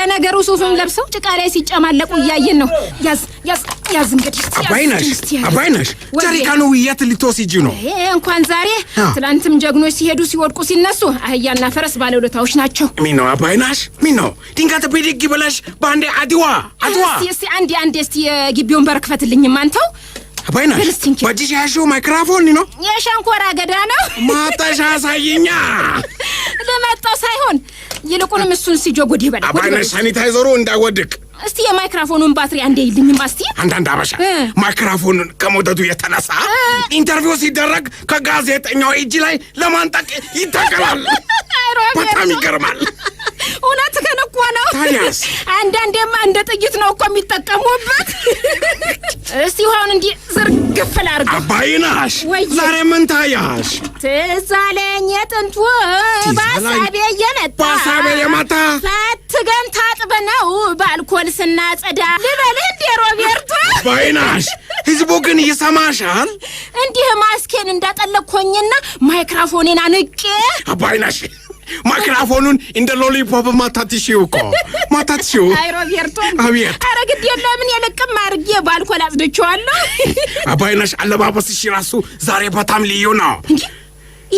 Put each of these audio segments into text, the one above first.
ለነገሩ ሱፉን ለብሰው ጭቃ ላይ ሲጨማለቁ እያየን ነው። ያዝ ያዝ ያዝ። እንግዲህ አባይነሽ አባይነሽ ጀሪካኑ ውየት ልትወስጂ ነው? እንኳን ዛሬ ትላንትም ጀግኖች ሲሄዱ ሲወድቁ ሲነሱ አህያና ፈረስ ባለውለታዎች ናቸው። ምን ነው አባይነሽ? ምን ነው ድንገት ብድግ ብለሽ በአንዴ አድዋ አድዋ። እስቲ አንዴ አንዴ እስቲ የግቢውን በር ክፈትልኝም አንተው አባይነሽ በእጅሽ ያሽው ማይክራፎን ነው የሸንኮራ አገዳ ነው። ማጠሻ አሳይኛ ለመጣው ሳይሆን ይልቁንም እሱን ሲጆጉድ ይበላል። አባነሽ ሳኒታይዘሩ እንዳይወድቅ። እስቲ የማይክራፎኑን ባትሪ አንዴ ይልኝም። እስቲ አንዳንድ አበሻ ማይክራፎኑን ከመውደዱ የተነሳ ኢንተርቪው ሲደረግ ከጋዜጠኛው እጅ ላይ ለማንጠቅ ይታገላል። በጣም ይገርማል። እውነት ከንኳ ነው። ታዲያስ አንዳንዴማ እንደ ጥይት ነው እኮ የሚጠቀሙበት። እስቲ ውሃውን እንዲህ ዝርግፍ ላድርግ። አባይናሽ ዛሬ ምን ታያሽ? ትዝ አለኝ የጥንቱ በአሳቤ እየመጣ በአሳቤ የመጣ ሳትገን ፈትገን ነው በአልኮል ስናጸዳ ልበል እንዴ ሮቤርቶ? አባይናሽ ህዝቡ ግን ይሰማሻል። እንዲህ ማስኬን እንዳጠለቅኮኝና ማይክራፎኔን አንቄ አባይናሽ ማይክራፎኑን እንደ ሎሊፖፕ ማታትሽው እኮ ማታትሽው። አይ ሮቤርቶ፣ አቤት። አረ ግድ የለምን የለቅም አድርጌ ባልኮል አጽድቼዋለሁ። አባይነሽ አለባበስሽ ራሱ ዛሬ በጣም ልዩ ነው። እንዴ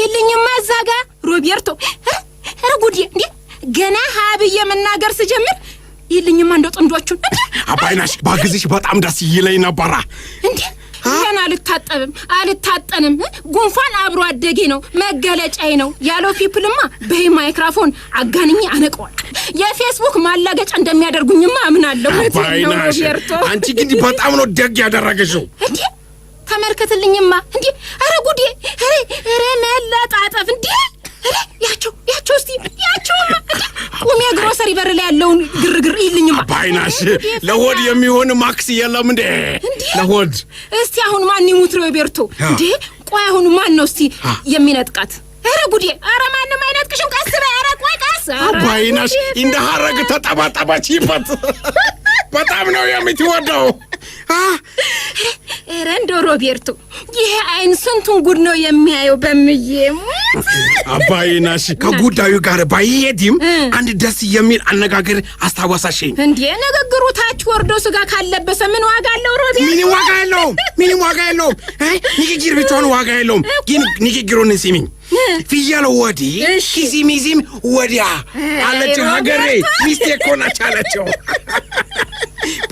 የለኝማ እዛ ጋ ሮቤርቶ። ኧረ ጉዴ! እንዴ ገና ሀብዬ መናገር ስጀምር የለኝማ እንደ ጥንዶቹን። አባይነሽ ባግዝሽ በጣም ደስ ይለኝ ነበራ እንዴ ይሄን አልታጠብም አልታጠንም። ጉንፋን አብሮ አደጌ ነው መገለጫዬ ነው ያለው ፒፕልማ በይ ማይክራፎን አጋንኝ አነቀዋል። የፌስቡክ ማላገጫ እንደሚያደርጉኝማ አምናለሁ። አንቺ ግን በጣም ነው ደግ ያደረገሽው። ተመልከትልኝማ እንዴ! ኧረ ጉዴ! ኧረ ኧረ መላጣጠፍ እንዴ! ያቸው ያቸው እስቲ ያቸው ቁሚያ ግሮሰሪ በር ላይ ያለውን ግርግር ይልኝማ። ባይናሽ ለሆድ የሚሆን ማክስ የለም እንዴ? ለሆድ እስቲ አሁን ማን ይሙት ነው ቤርቶ እንዴ? ቆይ አሁን ማን ነው እስቲ የሚነጥቃት? ኧረ ጉዴ! ኧረ ማንም አይነጥቅሽም። ቀስ በይ! ኧረ ቆይ ሳራ አባይነሽ እንደ ሀረግ ተጠባጠባችበት። በጣም ነው የምትወደው። ኧረ እንደው ሮቤርቶ ይሄ አይን ስንቱን ጉድ ነው የሚያየው። በምዬ አባይናሽ ከጉዳዩ ጋር ባይሄድም አንድ ደስ የሚል አነጋገር አስታወሳሽኝ። እንዴ ንግግሩ ታች ወርዶ ስጋ ካለበሰ ምን ዋጋ አለው? ሮቤርቶ ምንም ዋጋ የለውም። ምንም ዋጋ የለውም። ንግግር ብትሆን ዋጋ የለውም። ግን ንግግሩን ስሚኝ ፍያለ ወዲህ ኪዚም ይዚም ወዲያ አለች። ሀገሬ ሚስቴ እኮ ናች አለችው።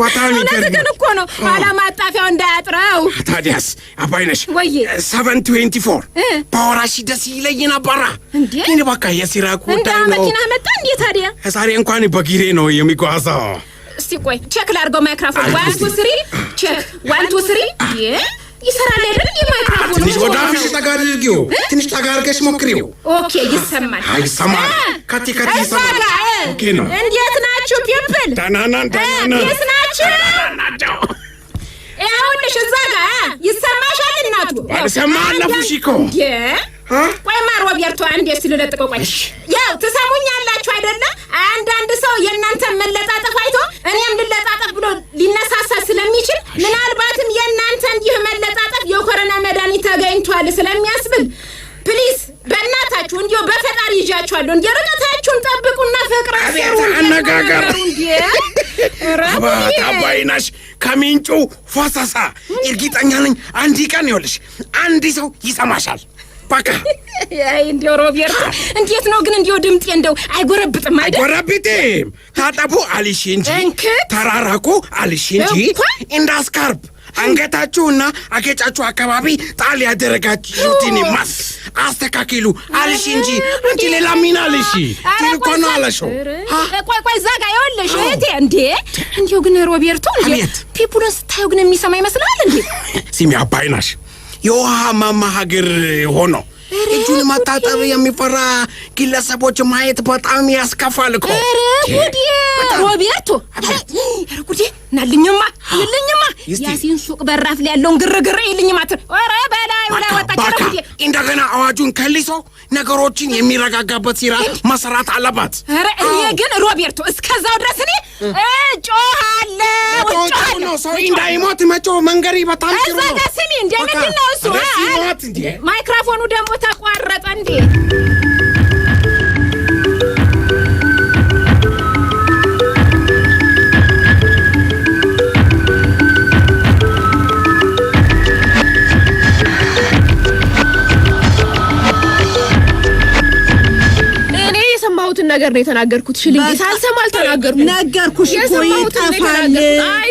በጣም ይገርም እኮ ነው። አላማ አጣፊያው እንዳያጥረው። ታዲያስ አባይነሽ ወይ ሰቨን ትዌንቲ ፎር በወራሽ ደስ ይለይ ነበራ። ግን በቃ የሲራ ጉዳይ ነው። መኪና መጣ እንዴ ታዲያ? ዛሬ እንኳን በጊሬ ነው የሚጓዘው። እስቲ ቆይ ቼክ ላድርገው። ማይክራፎን ዋን ቱ ስሪ ቼክ ዋን ቱ ስሪ ይሰራል አይደል? ትንሽ ወዳፊሽ ጠጋ አድርጊው። ትንሽ ጠጋ አድርገሽ ሞክሪው። ኦኬ፣ ይሰማል። ይሰማል። ከቲ ከቲ ይሰማል። ኦኬ ነው። እንዴት ናችሁ ፒፕል? እንዴት ናችሁ? ይኸውልሽ እዛ ጋር ይሰማሻል። እናቱ አልሰማ አለፉሽ እኮ ቆይ፣ ማር ስልለጥቀው ቆይ፣ ያው ትሰሙኛላችሁ አይደለም ወይነሽ ከሚንጩ ፎሰሳ። እርግጠኛ ነኝ አንድ ቀን ይኸውልሽ አንድ ሰው ይሰማሻል። በቃ እንዲያው ሮቤርት፣ እንዴት ነው ግን እንዲያው ድምጤ እንደው አይጎረብጥም? አይደል አይጎረብጥም። ታጠቡ አልሽ እንጂ ተራራቁ አልሽ እንጂ እንዳስካርብ አንገታችሁና አገጫችሁ አካባቢ ጣል ያደረጋችሁትን ማስ አስተካክሉ አልሽ እንጂ አንቺ ሌላ ሚና አልሽ ትልኮ ነው አለሽው። ቆይ ቆይ ዘጋ ይኸውልሽ እህቴ። እንዴ እንዲሁ ግን ሮቤርቶ እንዴ ፒፑሎን ስታየው ግን የሚሰማ ይመስላል እንዴ? ሲሚ አባይናሽ የውሃ ማማ ሀገር ሆኖ እጁን መታጠብ የሚፈራ ግለሰቦች ማየት በጣም ያስከፋል እኮ። ሮቤርቶ ጉዴ ናልኝማ ይልኝማ ያሲን ሱቅ በራፍ ላይ ያለውን ግርግር ይልኝማ። ኧረ በላይ ላ ወጣ እንደገና አዋጁን ከሊሶ ነገሮችን የሚረጋጋበት ሲራ መሰራት አለባት። ኧረ እኔ ግን ሮቤርቶ እስከዛው ድረስ እኔ እጮሃለሁ። ሰው እንዳይሞት መጮ መንገሪ በጣም ጥሩ ነው። ስሚ እንደምን እንዴ? ማይክሮፎኑ ደግሞ ተቋረጠ እንዴ? ነገር ነው የተናገርኩት። ሽልኝ ሳልሰማ አልተናገርኩም። ነገርኩሽ እኮ ይጠፋል። አይ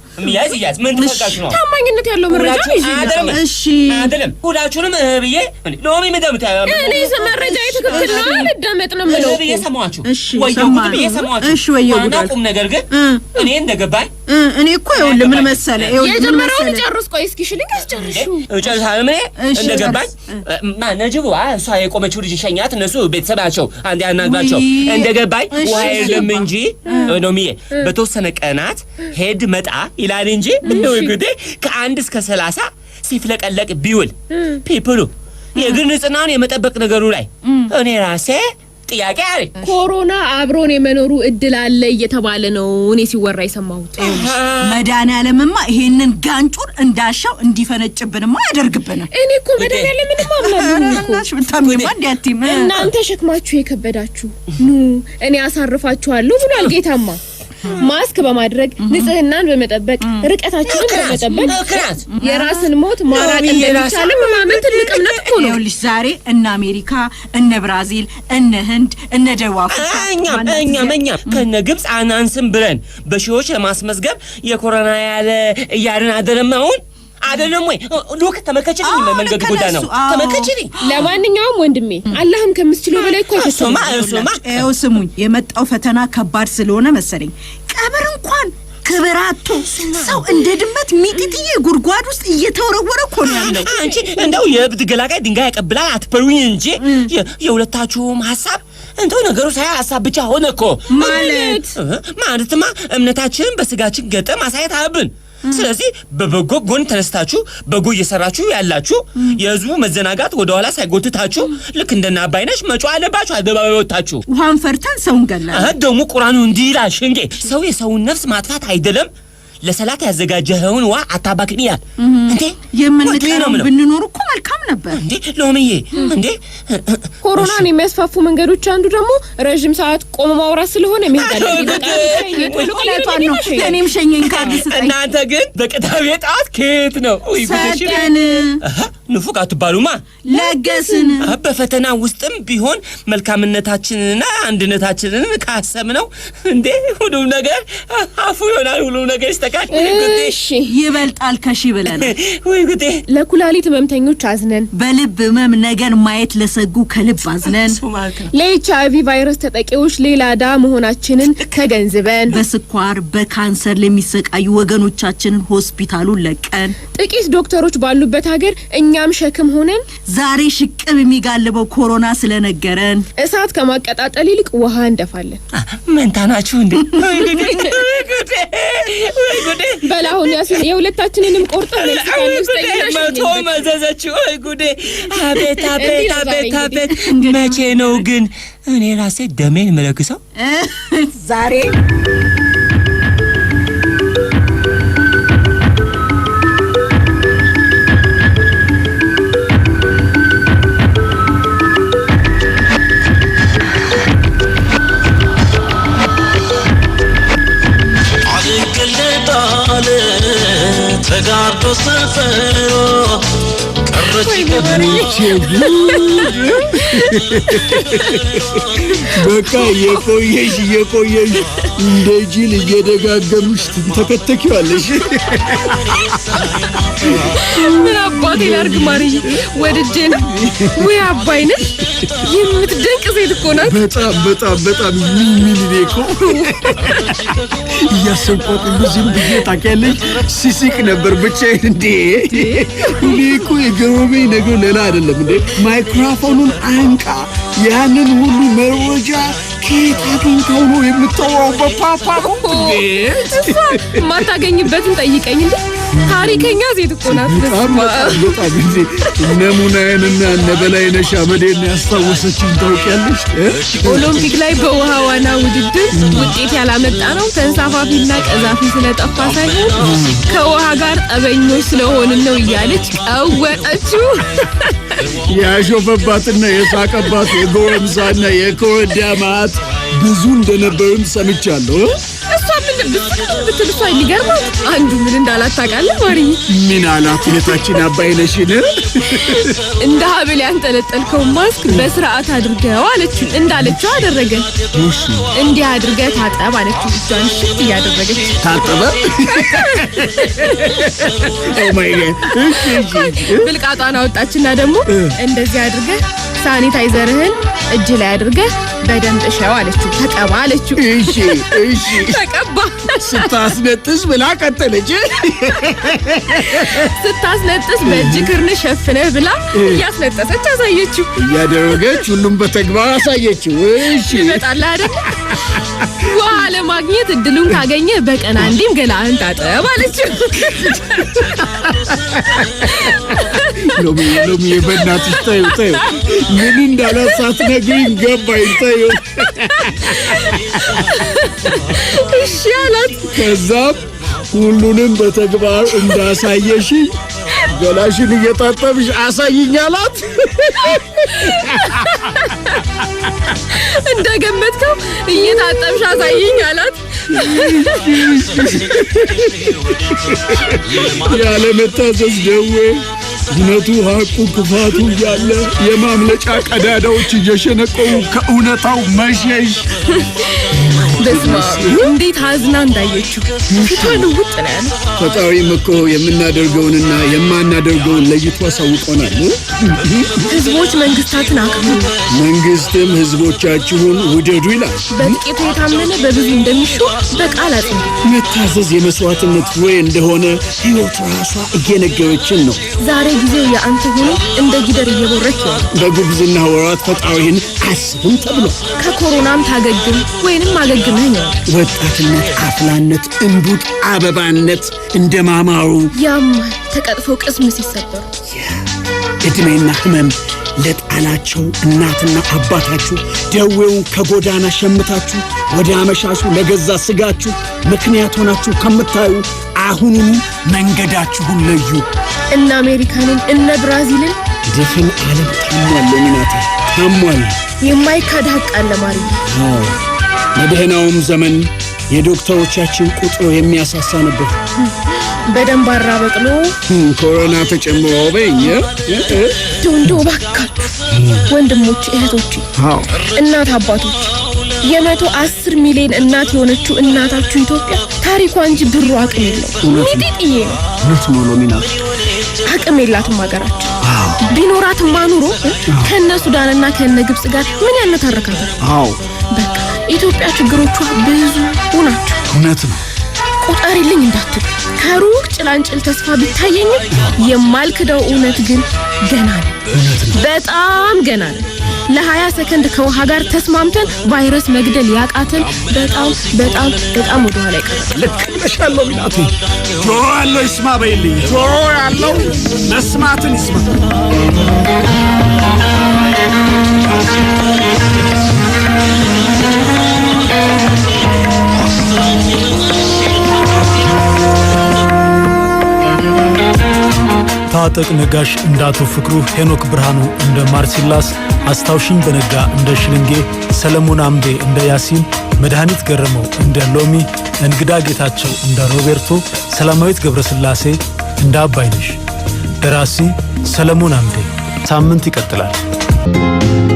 ያዝ ያዝ ምን ትፈቃችሁ ነው? ታማኝነት ያለው መረጃ ነው። አይደለም እሺ፣ አይደለም ሁላችሁንም ብዬ ሎሚ ምደምታ እኔ መረጃ የትክክል ነው አልደመጥ ነው ምለው ብዬ ሰማዋችሁ። እሺ፣ እሺ፣ ወየው ጉዳይ ቁም ነገር ግን እኔ እንደገባኝ እኔ እኮ ይኸውልህ ምን መሰለህ፣ የጀመረውን ጨርስ። ቆይ እስኪ እሺ፣ ልንገርሽ እጨርሳለሁ። እኔ እንደገባኝ ማን ነጅቡ እሷ የቆመችው ልጅ ሸኛት። እነሱ ቤተሰባቸው አንድ ያናግባቸው። እንደገባኝ ውሃ የለም እንጂ ሎሚዬ በተወሰነ ቀናት ሄድ መጣ ይላል እንጂ ምነው ግዴ ከአንድ እስከ ሰላሳ ሲፍለቀለቅ ቢውል ፒፕሉ የግን ንጽህናውን የመጠበቅ ነገሩ ላይ እኔ ራሴ ጥያቄ አለ። ኮሮና አብሮን የመኖሩ እድል አለ እየተባለ ነው እኔ ሲወራ የሰማሁት። መድኃኒዓለምማ ይሄንን ጋንጩን እንዳሻው እንዲፈነጭብንማ ያደርግብናል። እኔ እኮ መድኃኒዓለምንማ አምናለሁ። እናንተ ሸክማችሁ የከበዳችሁ ኑ እኔ አሳርፋችኋለሁ ብሏል ጌታማ ማስክ በማድረግ ንጽህናን በመጠበቅ ርቀታችንን በመጠበቅ የራስን ሞት ማራቅ እንደሚቻል ማመን ትልቅ እምነት እኮ ነው። ልጅ ዛሬ እነ አሜሪካ፣ እነ ብራዚል፣ እነ ህንድ፣ እነ ደቡብ አፍሪካ እኛም እኛም ከነ ግብፅ አናንስም ብለን በሺዎች ለማስመዝገብ የኮሮና ያለ እያልን አደረማውን አይደለም ወይ ሉክ? ተመልከችልኝ፣ መንገድ ጎዳ ነው። ተመልከችልኝ። ለማንኛውም ወንድሜ አላህም ከምትችለው በላይ እኮ እሱማ እሱማ ይኸው ስሙኝ፣ የመጣው ፈተና ከባድ ስለሆነ መሰለኝ ቀብር እንኳን ክብራቱ ሰው እንደ ድመት ሚጢጥዬ ጉድጓድ ውስጥ እየተወረወረ እኮ ነው ያለው። አንቺ እንደው የእብድ ገላጋይ ድንጋይ ያቀብላል አትበሉኝ እንጂ የሁለታችሁም ሀሳብ እንተው ነገሩ ሳያ ሀሳብ ብቻ ሆነ እኮ ማለት ማለትማ እምነታችንን በስጋችን ገጠም ማሳየት አብን ስለዚህ በበጎ ጎን ተነስታችሁ በጎ እየሰራችሁ ያላችሁ የህዝቡ መዘናጋት ወደኋላ ሳይጎትታችሁ ልክ እንደና አባይነሽ መጮ አለባችሁ። አደባባይ ወጥታችሁ ውሃን ፈርተን ሰውን ገላ ደግሞ ቁራኑ እንዲላ ሽንጌ ሰው የሰውን ነፍስ ማጥፋት አይደለም ለሰላት ያዘጋጀኸውን ዋ አታባክን ይላል። እንዴ የምንቀረው ብንኖር እኮ መልካም ነበር። እንዴ ሎሚዬ፣ እንዴ ኮሮናን የሚያስፋፉ መንገዶች አንዱ ደግሞ ረዥም ሰዓት ቆሞ ማውራት ስለሆነ ሚሄዳለጣ ነው። እኔም ሸኘኝ ካርድ ስጠኝ። እናንተ ግን በቅዳሜ ጠዋት ከየት ነው ሰጠን ንፉቅ አትባሉማ። ለገስን በፈተና ውስጥም ቢሆን መልካምነታችንንና አንድነታችንን ነው እንዴ ሁሉም ነገር አፉ ይሆናል። ሁሉም ነገር ይስተካል። እሺ ይበልጣል ከሺ ብለናል። ወይ ጉዴ! ለኩላሊት ህመምተኞች አዝነን፣ በልብ ህመም ነገን ማየት ለሰጉ ከልብ አዝነን፣ ለኤች አይ ቪ ቫይረስ ተጠቂዎች ሌላ ዳ መሆናችንን ተገንዝበን፣ በስኳር በካንሰር ለሚሰቃዩ ወገኖቻችንን ሆስፒታሉን ለቀን ጥቂት ዶክተሮች ባሉበት ሀገር እኛ እኛም ሸክም ሆነን ዛሬ ሽቅብ የሚጋልበው ኮሮና ስለነገረን እሳት ከማቀጣጠል ይልቅ ውሃ እንደፋለን። መንታ ናችሁ እንዴ? በል አሁን ያሲን የሁለታችንንም ቆርጦ መቶ መዘዘችው። ወይ ጉዴ! አቤት አቤት አቤት አቤት! መቼ ነው ግን እኔ ራሴ ደሜን መለክሰው ዛሬ በቃ የቆየሽ የቆየሽ እንደ ጅል እየደጋገሙሽ ተከተኪዋለሽ። ምን አባቴ ላድርግ ማርዬ፣ ወድጄ ነው ወይ አባይነሽ? የምትደንቅ ሴት እኮ ናት። በጣም በጣም በጣም ምን ምን እኮ እያሰብኳት ዝም ብዬ ታውቂያለሽ፣ ሲሲቅ ነበር ብቻ። እንዴ እኔ እኮ የገረመኝ ነገር ሌላ አይደለም እንዴ ማይክሮፎኑን አንቃ ያንን ሁሉ መረጃ ከየት አግኝተው ነው የምታወራው? በፓፓ ነው ማታገኝበትን ጠይቀኝ እንዴ ታሪከኛ ሴት እኮ ናት። እነ ሙናዬንና እነ በላይነሽ አበዴን ያስታወሰችን ታውቂያለሽ። ኦሎምፒክ ላይ በውሃ ዋና ውድድር ውጤት ያላመጣ ነው ተንሳፋፊና ቀዛፊ ስለጠፋ ሳይሆን ከውሃ ጋር ጠበኞች ስለሆንን ነው እያለች ቀወጠችው። ያሾፈባትና የሳቀባት የጎረምሳና የኮረዳ ማዕት ብዙ እንደነበሩም ሰምቻለሁ። ብትል እሷ አንዱ ምን እንዳላት ታውቃለህ? ማርዬ ምን አላት? እህታችን አባይነሽን እንደ ሀብል ያንጠለጠልከው ማስክ በስርዓት አድርገው አለችው። እንዳለችው አደረገ። እንዲህ አድርገ ታጠብ አለችው። እጇን ሽት እያደረገች ታጠበ። ብልቃጧን አወጣችና ደግሞ እንደዚህ አድርገ ሳኒታይዘርህን እጅ ላይ አድርገህ በደንብ እሸው አለችው። ተቀባ አለችው። እሺ እሺ፣ ተቀባ። ስታስነጥስ ብላ ቀጠለች። ስታስነጥስ በእጅ ክርን ሸፍነህ ብላ እያስነጠሰች አሳየችው። እያደረገች ሁሉም በተግባር አሳየችው። እሺ ይመጣል አይደል ውሃ ለማግኘት እድሉን ካገኘ በቀን አንዴም ገላህን ታጠብ አለችው። ሎሚዬ ሎሚ በእናትሽ ተይው ተይው፣ ምን እንዳላት ሳትነግሪኝ ገባኝ። ተይው እሺ አላት። ከዛም ሁሉንም በተግባር እንዳሳየሽኝ ገላሽን እየታጠብሽ አሳይኛላት። እንደገመትከው እየታጠብሽ አሳይኛላት። ያለመታዘዝ ደዌ እውነቱ ሐቁ ክፋቱ እያለ የማምለጫ ቀዳዳዎች እየሸነቀው ከእውነታው መሸሽ እንዴት አዝና እንዳየችው ፊቷን ውጥ ነው ፈጣሪም እኮ የምናደርገውንና የማናደርገውን ለይቶ አሳውቆናል። ህዝቦች መንግስታትን አክብሩ፣ መንግስትም ህዝቦቻችሁን ውደዱ ይላል። በጥቂቱ የታመነ በብዙ እንደሚሹ በቃል መታዘዝ የመስዋዕትነት ወይ እንደሆነ ህይወት ራሷ እየነገረችን ነው ዛሬ ጊዜ የአንተ ሆኖ እንደ ጊደር እየቦረክ ይሆን። በጉብዝና ወራት ፈጣሪህን አስብም ተብሎ ከኮሮናም ታገግም ወይንም አገግምህ ነው። ወጣትነት አፍላነት፣ እምቡጥ አበባነት እንደ ማማሩ ያማል ተቀጥፈው ቅስም ሲሰበሩ እድሜና ህመም ለጣናቸው እናትና አባታችሁ ደዌውን ከጎዳና ሸምታችሁ ወደ አመሻሹ ለገዛ ስጋችሁ ምክንያት ሆናችሁ ከምታዩ አሁኑኑ መንገዳችሁን ለዩ። እነ አሜሪካንን እነ ብራዚልን ድፍን ዓለም ታሟል። ሚናት ታሟል። የማይካድ ሀቅ አለ ማሪ። በደህናውም ዘመን የዶክተሮቻችን ቁጥሮ የሚያሳሳ ነበር። በደንብ በቅሎ ኮሮና ተጨምሮ በየ ዶንዶ ባካችሁ ወንድሞች፣ እህቶች፣ እናት አባቶች የመቶ አስር ሚሊዮን እናት የሆነችው እናታችሁ ኢትዮጵያ ታሪኳ እንጂ ብሩ አቅም የለው ሚጢጥዬ ነው። ሎሚና አቅም የላትም ሀገራችን። ቢኖራትማ ኑሮ ከነ ሱዳንና ከነ ግብጽ ጋር ምን ያነታረካታል? አዎ በቃ ኢትዮጵያ ችግሮቿ ብዙ ናቸው። እውነት ነው። ቁጠሪልኝ እንዳትል ከሩቅ ጭላንጭል ተስፋ ቢታየኝ የማልክደው እውነት ግን ገና ነው፣ በጣም ገና ነው። ለሀያ ሰከንድ ከውሃ ጋር ተስማምተን ቫይረስ መግደል ያቃትን በጣም በጣም በጣም ወደ ኋላ ይቀር። ልክ ነሽ ያለው ጆሮ ያለው ይስማ በይልኝ። ጆሮ ያለው መስማትን ይስማ። ታጠቅ ነጋሽ እንደ አቶ ፍቅሩ፣ ሄኖክ ብርሃኑ እንደ ማርሲላስ፣ አስታውሽኝ በነጋ እንደ ሽልንጌ፣ ሰለሞን አምቤ እንደ ያሲን፣ መድኃኒት ገረመው እንደ ሎሚ፣ እንግዳ ጌታቸው እንደ ሮቤርቶ፣ ሰላማዊት ገብረስላሴ እንደ አባይነሽ። ደራሲ ሰለሞን አምዴ። ሳምንት ይቀጥላል።